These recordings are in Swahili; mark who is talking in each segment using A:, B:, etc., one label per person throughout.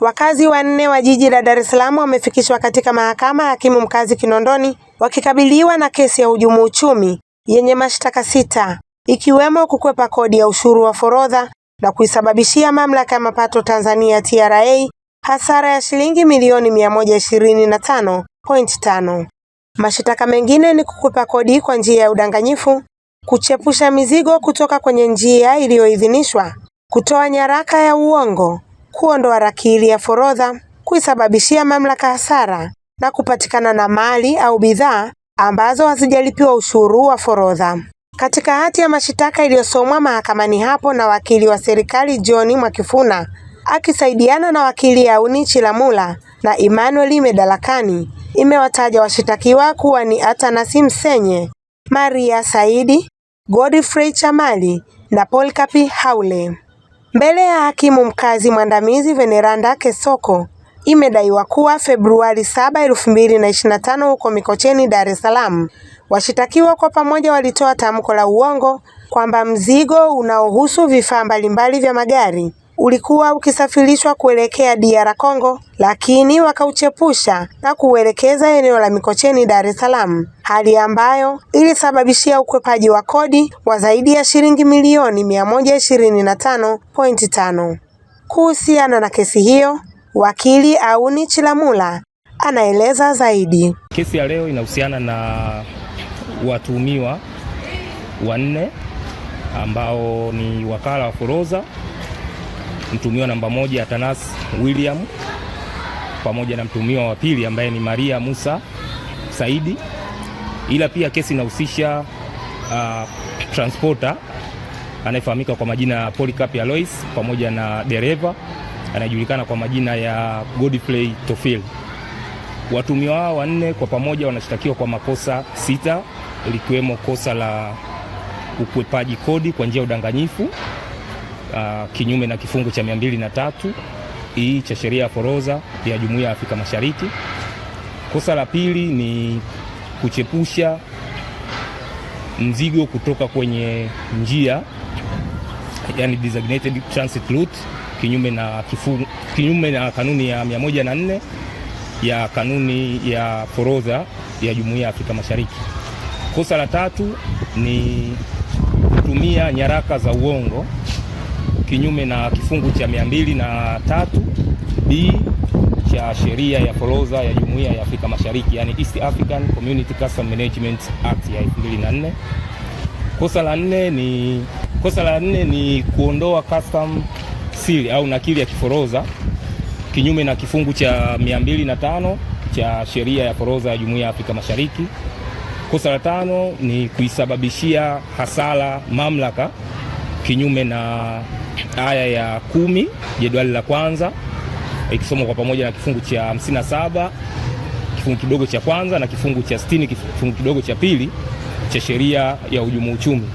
A: Wakazi wanne wa jiji la Dar es Salaam wamefikishwa katika mahakama ya hakimu mkazi Kinondoni wakikabiliwa na kesi ya hujumu uchumi yenye mashtaka sita ikiwemo kukwepa kodi ya ushuru wa forodha na kuisababishia mamlaka ya mapato Tanzania TRA hasara ya shilingi milioni 125.5. Mashitaka mengine ni kukwepa kodi kwa njia ya udanganyifu, kuchepusha mizigo kutoka kwenye njia iliyoidhinishwa, kutoa nyaraka ya uongo, kuondoa rakili ya forodha, kuisababishia mamlaka hasara na kupatikana na mali au bidhaa ambazo hazijalipiwa ushuru wa forodha. Katika hati ya mashitaka iliyosomwa mahakamani hapo na wakili wa serikali John Mwakifuna akisaidiana na wakili Auni Chilamula na Emmanuel medalakani imewataja washitakiwa kuwa ni Atanasi Msenye, Maria Saidi, Godfrey Chamali na Polkapi Haule. Mbele ya hakimu mkazi mwandamizi Veneranda Kesoko imedaiwa kuwa Februari 7, 2025 huko Mikocheni, Dar es Salaam, washitakiwa kwa pamoja walitoa tamko la uongo kwamba mzigo unaohusu vifaa mbalimbali vya magari ulikuwa ukisafirishwa kuelekea DR Congo, lakini wakauchepusha na kuuelekeza eneo la Mikocheni, Dar es Salaam, hali ambayo ilisababishia ukwepaji wa kodi wa zaidi ya shilingi milioni 125.5. Kuhusiana na kesi hiyo, wakili Auni Chilamula anaeleza zaidi. Kesi ya leo inahusiana na watuhumiwa wanne ambao ni wakala wa Forodha mtumiwa namba moja Atanas William pamoja na mtumiwa wa pili ambaye ni Maria Musa Saidi, ila pia kesi inahusisha uh, transporter anayefahamika kwa majina ya Polycarp Alois pamoja na dereva anayejulikana kwa majina ya Godfrey Tofil. Watumiwa hao wanne kwa pamoja wanashtakiwa kwa makosa sita likiwemo kosa la ukwepaji kodi kwa njia ya udanganyifu uh, kinyume na kifungu cha 203 hii cha sheria ya forodha ya Jumuiya ya Afrika Mashariki. Kosa la pili ni kuchepusha mzigo kutoka kwenye njia yani designated transit route kinyume na, kifungu, kinyume na kanuni ya 104 ya kanuni ya forodha ya Jumuiya ya Afrika Mashariki. Kosa la tatu ni kutumia nyaraka za uongo kinyume na kifungu cha mia mbili na tatu b cha sheria ya forodha ya Jumuiya ya Afrika Mashariki, yani East African Community Custom Management Act ya 2004. Kosa la nne ni kosa la nne ni kuondoa custom seal au nakili ya kiforodha kinyume na kifungu cha 205 cha sheria ya forodha ya Jumuiya ya Afrika Mashariki. Kosa la tano ni kuisababishia hasara mamlaka kinyume na aya ya kumi jedwali la kwanza ikisomwa kwa pamoja na kifungu cha 57 saba kifungu kidogo cha kwanza na kifungu cha sitini kifungu kidogo cha pili cha sheria ya hujumu uchumi.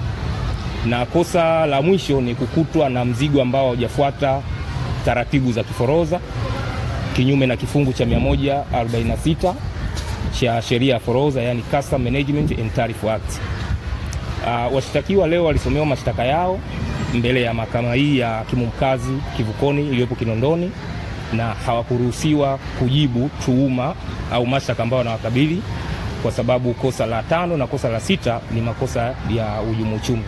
A: Na kosa la mwisho ni kukutwa na mzigo ambao haujafuata taratibu za kiforoza kinyume na kifungu cha 146 cha sheria ya forodha, yani Custom Management and Tariff Act. Uh, washtakiwa leo walisomewa mashtaka yao mbele ya mahakama hii ya hakimu mkazi Kivukoni iliyopo Kinondoni na hawakuruhusiwa kujibu tuhuma au mashtaka ambayo wanawakabili kwa sababu kosa la tano na kosa la sita ni makosa ya uhujumu uchumi.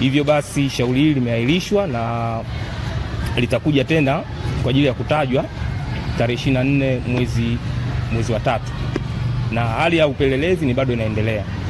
A: Hivyo basi shauri hili limeahirishwa na litakuja tena kwa ajili ya kutajwa tarehe 24 mwezi mwezi wa tatu, na hali ya upelelezi ni bado inaendelea.